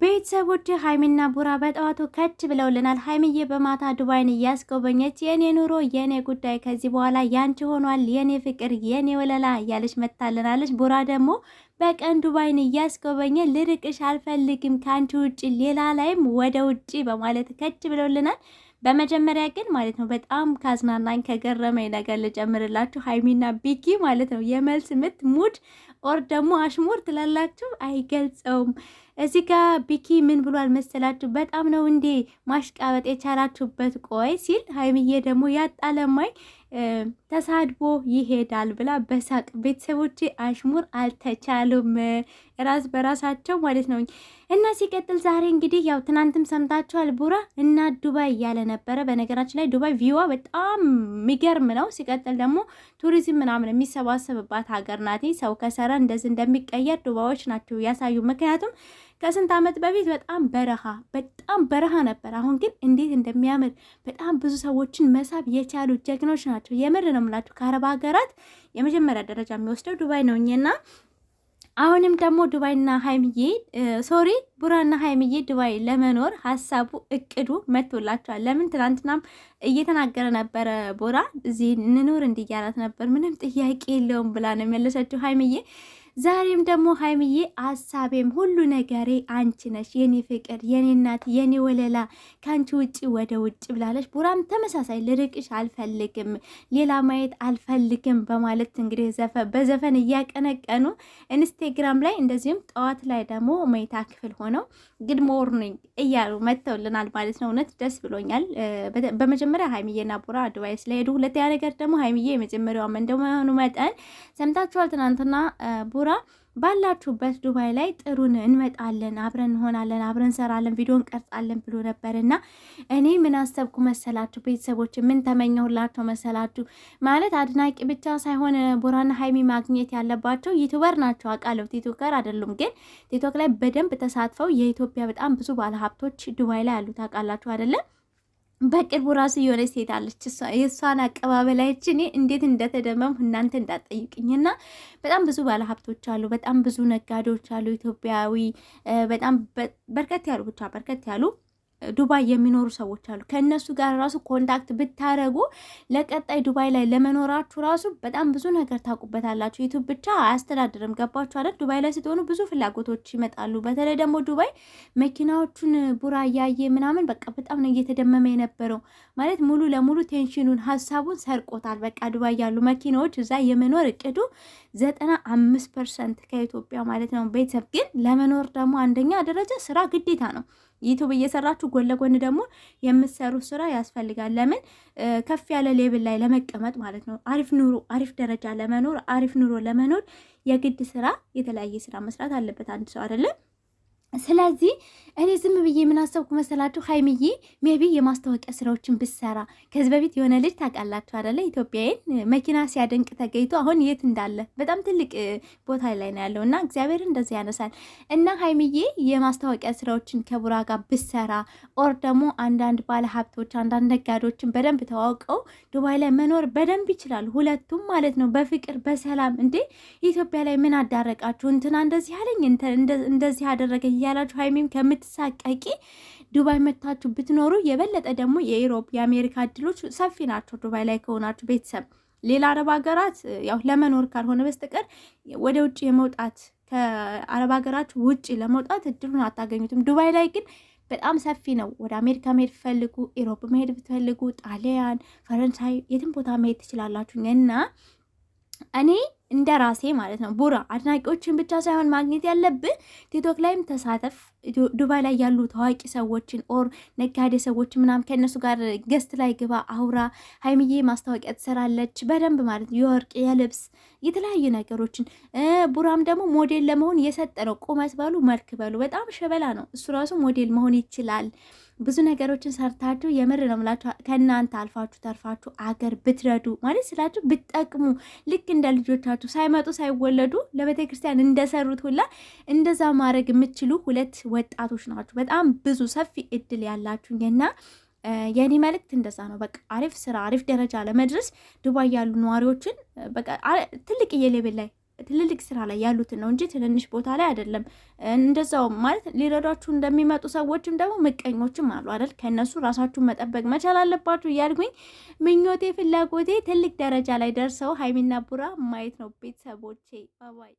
ቤተሰቦች ሀይሚና ቡራ በጠዋቱ ከች ብለውልናል። ሀይሚዬ በማታ ዱባይን እያስጎበኘች የኔ ኑሮ የኔ ጉዳይ ከዚህ በኋላ ያንቺ ሆኗል የኔ ፍቅር የኔ ወለላ እያለች መታልናለች። ቡራ ደግሞ በቀን ዱባይን እያስጎበኘ ልርቅሽ አልፈልግም ከአንቺ ውጭ ሌላ ላይም ወደ ውጭ በማለት ከች ብለውልናል። በመጀመሪያ ግን ማለት ነው በጣም ካዝናናኝ ከገረመኝ ነገር ልጨምርላችሁ ሀይሚና ቢኪ ማለት ነው የመልስ ምት ሙድ ኦር ደግሞ አሽሙር ትላላችሁ አይገልጸውም። እዚህ ጋ ቢኪ ምን ብሏል መሰላችሁ? በጣም ነው እንዴ ማሽቃበጥ የቻላችሁበት? ቆይ ሲል ሀይምዬ ደግሞ ያጣለማኝ ተሳድቦ ይሄዳል ብላ በሳቅ ቤተሰቦች አሽሙር አልተቻሉም፣ ራስ በራሳቸው ማለት ነው። እና ሲቀጥል ዛሬ እንግዲህ ያው ትናንትም ሰምታችኋል፣ ቡራ እና ዱባይ እያለ ነበረ። በነገራችን ላይ ዱባይ ቪዋ በጣም የሚገርም ነው። ሲቀጥል ደግሞ ቱሪዝም ምናምን የሚሰባሰብባት ሀገር ናት። ሰው ከሰረ እንደዚህ እንደሚቀየር ዱባዮች ናቸው ያሳዩ። ምክንያቱም ከስንት ዓመት በፊት በጣም በረሃ በጣም በረሃ ነበር። አሁን ግን እንዴት እንደሚያምር በጣም ብዙ ሰዎችን መሳብ የቻሉ ጀግኖች ናቸው። ናቸው። የምር ነው የምላችሁ ከአረብ ሀገራት የመጀመሪያ ደረጃ የሚወስደው ዱባይ ነው እኛና አሁንም ደግሞ ዱባይና ሀይምዬ ሶሪ ቡራና ሀይምዬ ዱባይ ለመኖር ሀሳቡ እቅዱ መቶላቸዋል። ለምን ትናንትናም እየተናገረ ነበረ ቡራ እዚህ እንኑር እንዲያላት ነበር። ምንም ጥያቄ የለውም ብላ ነው የመለሰችው ሀይምዬ ዛሬም ደግሞ ሀይምዬ አሳቤም ሁሉ ነገሬ አንቺ ነሽ፣ የኔ ፍቅር፣ የኔ እናት፣ የኔ ወለላ ከአንቺ ውጭ ወደ ውጭ ብላለች። ቡራም ተመሳሳይ ልርቅሽ አልፈልግም፣ ሌላ ማየት አልፈልግም በማለት እንግዲህ በዘፈን እያቀነቀኑ ኢንስቴግራም ላይ እንደዚሁም ጠዋት ላይ ደግሞ መኝታ ክፍል ሆነው ግድ ሞርኒንግ እያሉ መጥተውልናል ማለት ነው። እውነት ደስ ብሎኛል። በመጀመሪያ ሀይምዬና ቡራ አድቫይስ ስለሄዱ፣ ሁለተኛ ነገር ደግሞ ሀይምዬ የመጀመሪያዋ እንደመሆኑ መጠን ሰምታችኋል ትናንትና ቡራ ባላችሁበት ዱባይ ላይ ጥሩን እንመጣለን፣ አብረን እንሆናለን፣ አብረን እንሰራለን፣ ቪዲዮ እንቀርጻለን ብሎ ነበር እና እኔ ምን አሰብኩ መሰላችሁ? ቤተሰቦች ምን ተመኘሁላቸው መሰላችሁ? ማለት አድናቂ ብቻ ሳይሆን ቡራና ሀይሚ ማግኘት ያለባቸው ዩቱበር ናቸው አውቃለሁ። ቲክቶከር አይደሉም፣ ግን ቲክቶክ ላይ በደንብ ተሳትፈው የኢትዮጵያ በጣም ብዙ ባለሀብቶች ዱባይ ላይ ያሉት አውቃላችሁ አይደለም በቅርቡ ራሱ የሆነች ሴት አለች። የእሷን አቀባበላች እኔ እንዴት እንደተደመም እናንተ እንዳጠይቅኝና በጣም ብዙ ባለሀብቶች አሉ፣ በጣም ብዙ ነጋዴዎች አሉ፣ ኢትዮጵያዊ በጣም በርከት ያሉ ብቻ በርከት ያሉ ዱባይ የሚኖሩ ሰዎች አሉ። ከእነሱ ጋር ራሱ ኮንታክት ብታደረጉ ለቀጣይ ዱባይ ላይ ለመኖራችሁ ራሱ በጣም ብዙ ነገር ታውቁበታላችሁ። ዩቱብ ብቻ አያስተዳድርም። ገባችሁ አይደል? ዱባይ ላይ ስትሆኑ ብዙ ፍላጎቶች ይመጣሉ። በተለይ ደግሞ ዱባይ መኪናዎቹን ቡራ እያየ ምናምን በቃ በጣም ነው እየተደመመ የነበረው ማለት ሙሉ ለሙሉ ቴንሽኑን ሀሳቡን ሰርቆታል። በቃ ዱባይ ያሉ መኪናዎች እዛ የመኖር እቅዱ ዘጠና አምስት ፐርሰንት ከኢትዮጵያ ማለት ነው። ቤተሰብ ግን ለመኖር ደግሞ አንደኛ ደረጃ ስራ ግዴታ ነው። ዩቱብ እየሰራችሁ ጎን ለጎን ደግሞ የምትሰሩ ስራ ያስፈልጋል። ለምን ከፍ ያለ ሌብል ላይ ለመቀመጥ ማለት ነው። አሪፍ ኑሮ፣ አሪፍ ደረጃ ለመኖር አሪፍ ኑሮ ለመኖር የግድ ስራ፣ የተለያየ ስራ መስራት አለበት አንድ ሰው አይደለም። ስለዚህ እኔ ዝም ብዬ የምናሰብኩ መሰላችሁ ሀይምዬ ሜቢ የማስታወቂያ ስራዎችን ብሰራ ከዚህ በፊት የሆነ ልጅ ታውቃላችሁ አደለ? ኢትዮጵያዊን መኪና ሲያደንቅ ተገኝቶ አሁን የት እንዳለ በጣም ትልቅ ቦታ ላይ ነው ያለው እና እግዚአብሔር እንደዚህ ያነሳል እና ሀይምዬ የማስታወቂያ ስራዎችን ከቡራ ጋር ብሰራ ኦር ደግሞ አንዳንድ ባለ ሀብቶች አንዳንድ ነጋዴዎችን በደንብ ተዋውቀው ዱባይ ላይ መኖር በደንብ ይችላል። ሁለቱም ማለት ነው። በፍቅር በሰላም እንዴ ኢትዮጵያ ላይ ምን አዳረቃችሁ? እንትና እንደዚህ አለኝ እንደዚህ አደረገ እያላችሁ ሀይሚም ከምት ከምትሳቀቂ ዱባይ መታችሁ ብትኖሩ የበለጠ ደግሞ የኢሮፕ የአሜሪካ እድሎች ሰፊ ናቸው። ዱባይ ላይ ከሆናችሁ ቤተሰብ ሌላ አረብ ሀገራት ያው ለመኖር ካልሆነ በስተቀር ወደ ውጭ የመውጣት ከአረብ ሀገራት ውጭ ለመውጣት እድሉን አታገኙትም። ዱባይ ላይ ግን በጣም ሰፊ ነው። ወደ አሜሪካ መሄድ ብትፈልጉ፣ ኢሮፕ መሄድ ብትፈልጉ፣ ጣሊያን፣ ፈረንሳይ የትም ቦታ መሄድ ትችላላችሁ እና እኔ እንደ ራሴ ማለት ነው ቡራ አድናቂዎችን ብቻ ሳይሆን ማግኘት ያለብን ቲክቶክ ላይም ተሳተፍ። ዱባይ ላይ ያሉ ታዋቂ ሰዎችን ኦር ነጋዴ ሰዎች ምናምን ከእነሱ ጋር ገስት ላይ ግባ፣ አውራ። ሀይምዬ ማስታወቂያ ትሰራለች በደንብ ማለት ነው የወርቅ የልብስ የተለያዩ ነገሮችን። ቡራም ደግሞ ሞዴል ለመሆን የሰጠ ነው። ቁመት በሉ መልክ በሉ በጣም ሸበላ ነው እሱ ራሱ ሞዴል መሆን ይችላል። ብዙ ነገሮችን ሰርታችሁ የምር ነው ምላችሁ ከእናንተ አልፋችሁ ተርፋችሁ አገር ብትረዱ ማለት ስላችሁ ብትጠቅሙ ልክ እንደ ልጆቻችሁ ሳይመጡ ሳይወለዱ ለቤተ ክርስቲያን እንደሰሩት ሁላ እንደዛ ማድረግ የምትችሉ ሁለት ወጣቶች ናችሁ። በጣም ብዙ ሰፊ እድል ያላችሁና የእኔ መልእክት እንደዛ ነው። በቃ አሪፍ ስራ አሪፍ ደረጃ ለመድረስ ዱባይ ያሉ ነዋሪዎችን በቃ ትልቅ የሌቤል ላይ ትልልቅ ስራ ላይ ያሉትን ነው እንጂ ትንንሽ ቦታ ላይ አይደለም። እንደዛው ማለት ሊረዷችሁ እንደሚመጡ ሰዎችም ደግሞ ምቀኞችም አሉ አይደል? ከእነሱ ራሳችሁን መጠበቅ መቻል አለባችሁ እያልኩኝ ምኞቴ፣ ፍላጎቴ ትልቅ ደረጃ ላይ ደርሰው ሀይሚና ቡራ ማየት ነው ቤተሰቦቼ ባባይ